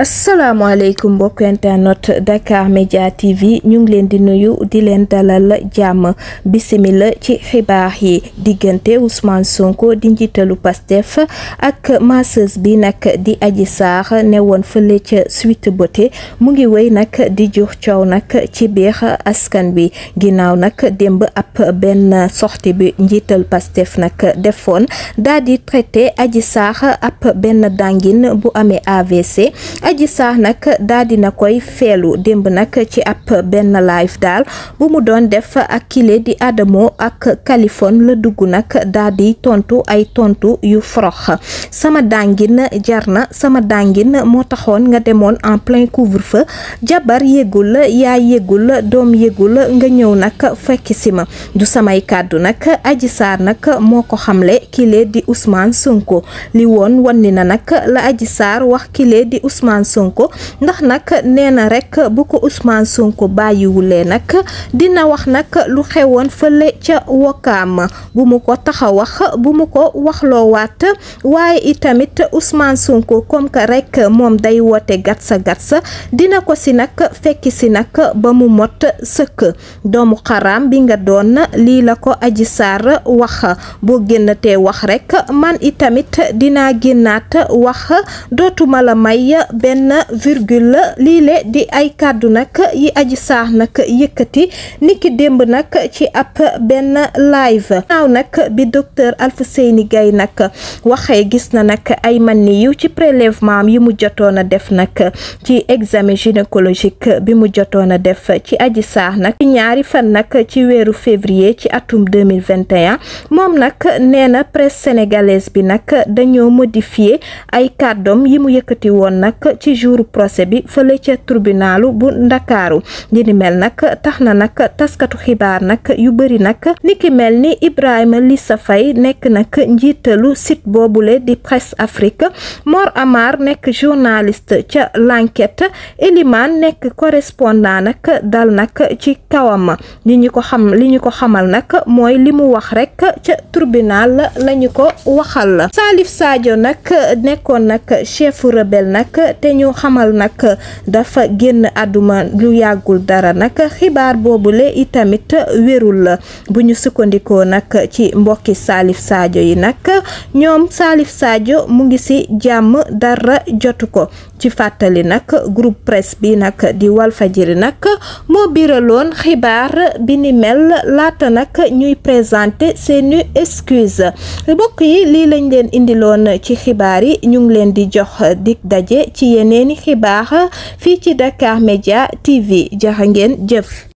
asalaamaaleykum mbokk internet Dakar Media TV ñu ngi leen di nuyu di leen dalal jàmm bisimila ci xibaar yi diggante Ousmane Sonko di njiitalu Pastef ak masseuse bi nag di aji Sarr ne woon fële ca Sweet Beauté mu ngi wéy nag di jur coow nag ci biir askan bi ginnaaw nag démb ab benn sortie bi njiital Pastef nag defoon daa di aji Adji Sarr ab benn dangin bu amee AVC. Adji Sarr nag daal na koy feelu démb nag ci ab benn live daal bu mu doon def ak kile di Adamo ak kalifon la dugg nag daal di tontu ay tontu yu frox sama dàngin jar na sama dàngin moo taxoon nga demoon en plein couvre fa jabar yëgul yaay yëgul doom yëgul nga ñëw nag fekk si ma du samay kàddu nag Adji Sarr nag moo ko xamle kile di Ousmane Sonko li woon wan ni la Adji Sarr wax kile di Ousmane Sonko ndax nag nee na rek bu ko Ousmane Sonko bàyyiwulee nag dina wax nag lu xewoon fële ca wokkaam bu mu ko tax wax bu mu ko waxloowaat waaye itamit Ousmane Sonko comme que moom day woote gatsa gatsa dina ko si nag fekki si nag ba mu mott sëkk doomu xaraam bi nga doon lii la ko aji Sarr wax boo génnatee wax rek man itamit dinaa génnaat wax dootuma la may benn virgule la lii le di ay kàddu nag yi aji saax nag yëkkati niki démb nag ci ab benn live naaw nag bi docteur Alfousseyni Gaye nag waxee gis na nag ay manni yu ci prélèvement yi mu jotoon a def nag ci examen gynécologique bi mu jotoon a def ci aji saax nag ñaari fan nag ci weeru février ci atum 2021 moom nag nee na presse sénégalaise bi nag dañoo modifié ay kàddoom yi mu yëkkati woon nag ci jour procès bi fële ca tribunalu bu ndakaaru li mel nag tax na nag taskatu xibaar nag yu bëri nag ni ki mel ni Ibrahima sa Faye nekk nag njiitalu sit boobule di Presse Afrique Mor Amar nekk journaliste ca l'enquête Eliman nekk correspondant nag dal nag ci kawam li ñu ko xam xamal nag mooy li mu wax rek ca tribunal lañu ko waxal Salif Sadio nag nekkoon nag chef rebelle nag te ñu xamal nag dafa génn àdduma lu yàggul dara nag xibaar boobule itamit wérul la bu ñu sukkandikoo nag ci mbokki Salif Sadio yi nag ñoom Salif Sadio mu ngi ci jàmm dara jotu ko ci fàttali nag groupe presse bi nag di Walfadjri nag moo biraloon xibaar bi ni mel laata nag ñuy présenter seeni excuse mbokk yi lii lañ leen indiloon ci xibaar yi ñu ngi leen di jox di daje ci yeneeni xibaar fii ci Dakar Media TV jaxa ngeen jëf